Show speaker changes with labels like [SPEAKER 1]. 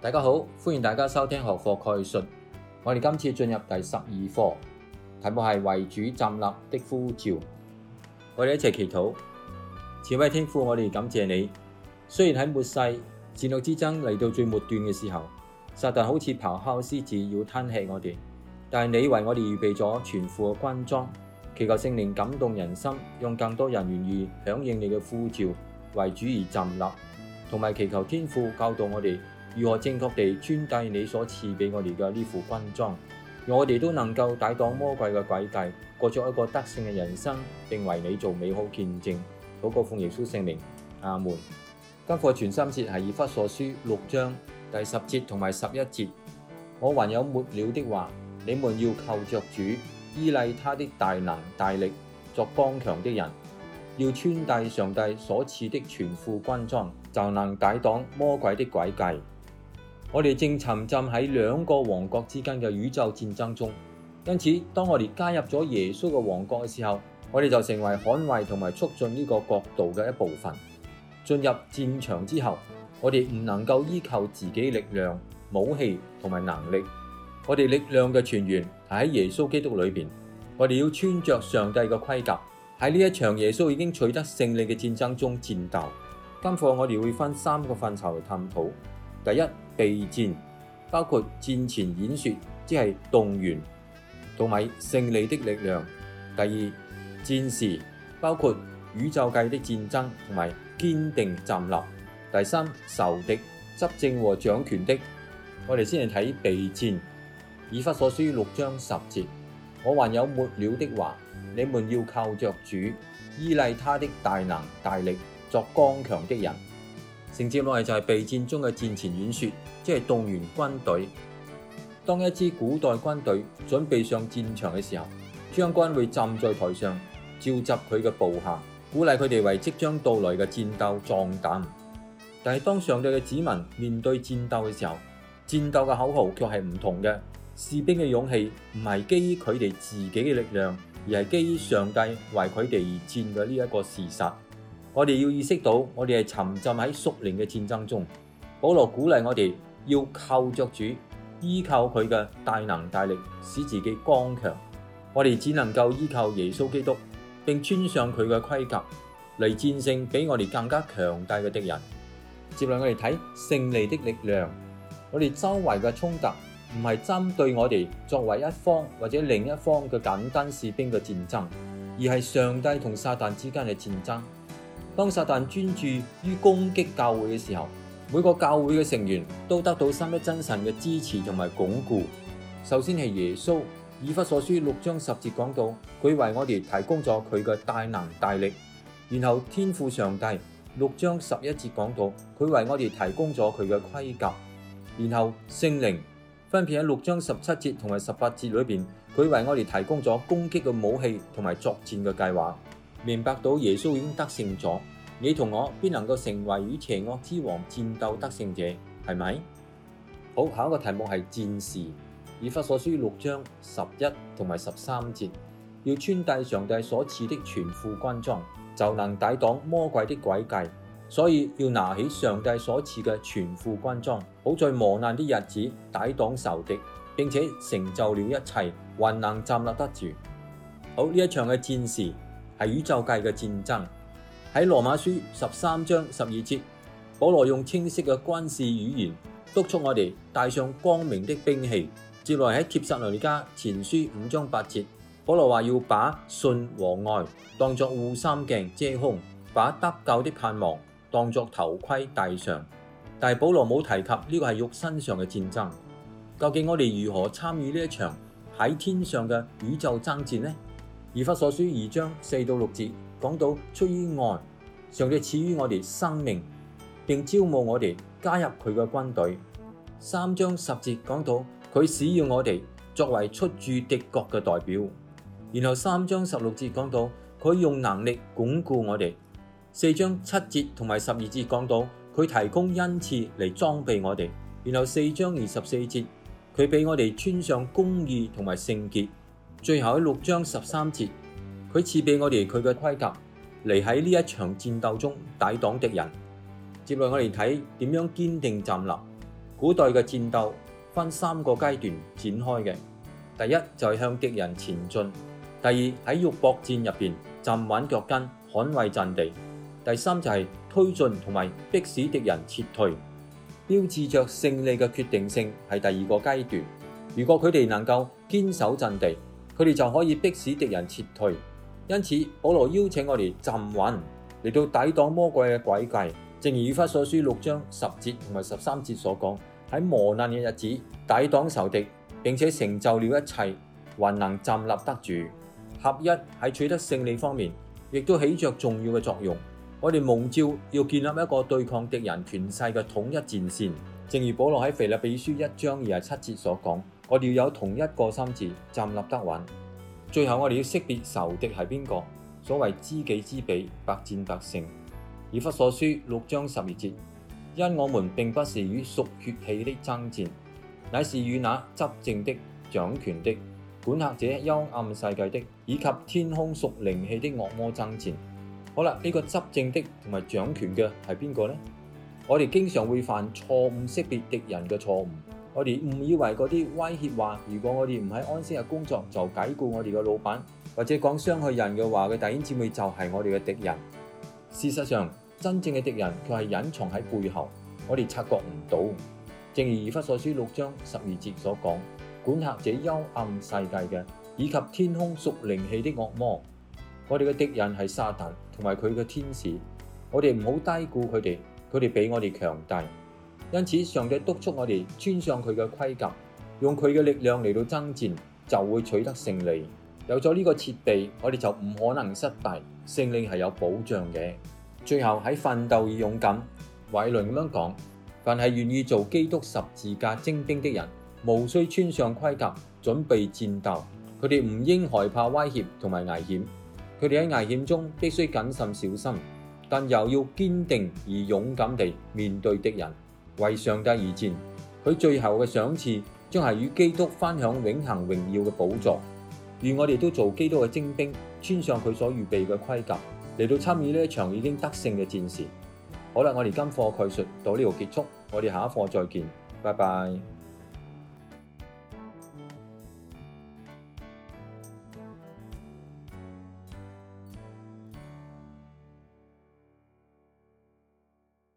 [SPEAKER 1] 大家好，歡迎大家收聽學課概述。我哋今次進入第十二課，題目係為主站立的呼召。我哋一齊祈禱，慈威天父，我哋感謝你。雖然喺末世戰怒之爭嚟到最末段嘅時候，撒旦好似咆哮獅子要吞噬我哋，但你為我哋預備咗全副嘅軍裝。祈求聖靈感動人心，用更多人願意響應你嘅呼召為主而站立，同埋祈求天父教導我哋。如何正確地穿戴你所賜畀我哋嘅呢副軍裝，我哋都能夠抵擋魔鬼嘅詭計，過咗一個得勝嘅人生，並為你做美好見證。禱告奉耶穌聖名，阿門。今課全三節係以弗所書六章第十節同埋十一節。我還有末了的話，你們要靠着主，依賴他的大能大力，作剛強的人，要穿戴上帝所賜的全副軍裝，就能抵擋魔鬼的詭計。我哋正沉浸喺兩個王國之間嘅宇宙戰爭中，因此當我哋加入咗耶穌嘅王國嘅時候，我哋就成為捍衛同埋促進呢個國度嘅一部分。進入戰場之後，我哋唔能夠依靠自己力量、武器同埋能力，我哋力量嘅泉源喺耶穌基督裏面。我哋要穿着上帝嘅盔甲，喺呢一場耶穌已經取得勝利嘅戰爭中戰鬥。今課我哋會分三個範疇嚟探討，第一。備戰包括戰前演說，即係動員同埋勝利的力量。第二，戰時包括宇宙界的戰爭同埋堅定站立。第三，仇敵執政和掌權的，我哋先嚟睇備戰。以弗所書六章十節，我還有末了的話，你們要靠着主，依賴他的大能大力，作剛強的人。承接落嚟就係備戰中嘅戰前演說，即係動員軍隊。當一支古代軍隊準備上戰場嘅時候，將軍會站在台上召集佢嘅部下，鼓勵佢哋為即將到來嘅戰鬥壯膽。但係當上帝嘅子民面對戰鬥嘅時候，戰鬥嘅口號卻係唔同嘅。士兵嘅勇氣唔係基於佢哋自己嘅力量，而係基於上帝為佢哋而戰嘅呢一個事實。我哋要意識到，我哋係沉浸喺屬靈嘅戰爭中。保羅鼓勵我哋要靠着主，依靠佢嘅大能大力，使自己剛強。我哋只能夠依靠耶穌基督，並穿上佢嘅盔甲，嚟戰勝比我哋更加強大嘅敵人。接嚟我哋睇勝利的力量。我哋周圍嘅衝突唔係針對我哋作為一方或者另一方嘅簡單士兵嘅戰爭，而係上帝同撒旦之間嘅戰爭。當撒旦專注於攻擊教會嘅時候，每個教會嘅成員都得到三一真神嘅支持同埋鞏固。首先係耶穌，以弗所書六章十節講到，佢為我哋提供咗佢嘅大能大力。然後天父上帝，六章十一節講到，佢為我哋提供咗佢嘅盔甲；然後聖靈，分別喺六章十七節同埋十八節裏邊，佢為我哋提供咗攻擊嘅武器同埋作戰嘅計劃。明白到耶穌已經得勝咗，你同我必能夠成為與邪惡之王戰鬥得勝者？係咪？好，下一個題目係戰事。以弗所書六章十一同埋十三節，要穿戴上帝所賜的全副軍裝，就能抵擋魔鬼的詭計。所以要拿起上帝所賜嘅全副軍裝，好在磨難的日子抵擋仇敵，並且成就了一切，還能站立得住。好，呢一場嘅戰事。係宇宙界嘅戰爭，喺羅馬書十三章十二節，保羅用清晰嘅軍事語言督促我哋帶上光明的兵器。接來喺帖撒羅尼迦前書五章八節，保羅話要把信和愛當作護心鏡遮胸，把得救的盼望當作頭盔戴上。但保羅冇提及呢個係肉身上嘅戰爭。究竟我哋如何參與呢一場喺天上嘅宇宙爭戰、戰呢？《以弗所書》二章四到六節講到出於愛，上帝賜予我哋生命，並招募我哋加入佢嘅軍隊。三章十節講到佢使要我哋作為出駐敵國嘅代表。然後三章十六節講到佢用能力鞏固我哋。四章七節同埋十二節講到佢提供恩賜嚟裝備我哋。然後四章二十四節佢俾我哋穿上公義同埋聖潔。最後喺六章十三節，佢賜俾我哋佢嘅規格嚟喺呢一場戰鬥中抵擋敵人。接下來我哋睇點樣堅定站立。古代嘅戰鬥分三個階段展開嘅，第一就係向敵人前進，第二喺肉搏戰入面，站穩腳跟，捍衛陣地。第三就係推進同埋迫使敵人撤退，標誌着勝利嘅決定性係第二個階段。如果佢哋能夠堅守陣地。佢哋就可以迫使敵人撤退，因此保羅邀請我哋站穩嚟到抵擋魔鬼嘅詭計。正如《以弗所書》六章十節同埋十三節所講，喺磨難嘅日子抵擋仇敵，並且成就了一切，還能站立得住。合一喺取得勝利方面，亦都起着重要嘅作用。我哋蒙召要建立一個對抗敵人權勢嘅統一戰線。正如保羅喺《腓立比書》一章二十七節所講，我哋要有同一個心志，站立得穩。最後，我哋要識別仇敵係邊個。所謂知己知彼，百戰百勝。以弗所書六章十二節，因我們並不是與屬血氣的爭戰，乃是與那執政的、掌權的、管轄這幽暗世界的，以及天空屬靈氣的惡魔爭戰。好啦，呢個執政的同埋掌權嘅係邊個呢？我哋經常會犯錯誤，識別敵人嘅錯誤。我哋誤以為嗰啲威脅話，如果我哋唔喺安息日工作，就解雇我哋嘅老闆，或者講傷害人嘅話嘅弟兄姊妹就係我哋嘅敵人。事實上，真正嘅敵人卻係隱藏喺背後，我哋察覺唔到。正如《以弗所書》六章十二節所講，管轄這幽暗世界嘅，以及天空屬靈氣的惡魔。我哋嘅敵人係撒旦同埋佢嘅天使。我哋唔好低估佢哋。佢哋比我哋強大，因此上帝督促我哋穿上佢嘅盔甲，用佢嘅力量嚟到爭戰，就會取得勝利。有咗呢個設備，我哋就唔可能失敗，勝利係有保障嘅。最後喺奮鬥與勇敢，偉倫咁樣講，凡係願意做基督十字架精兵的人，無需穿上盔甲，準備戰鬥。佢哋唔應害怕威脅同埋危險，佢哋喺危險中必須謹慎小心。但又要堅定而勇敢地面對敵人，為上帝而戰。佢最後嘅賞賜，將係與基督分享永恒榮耀嘅寶座。願我哋都做基督嘅精兵，穿上佢所預備嘅盔甲，嚟到參與呢一場已經得勝嘅戰事。好啦，我哋今課概述到呢度結束，我哋下一課再見，拜拜。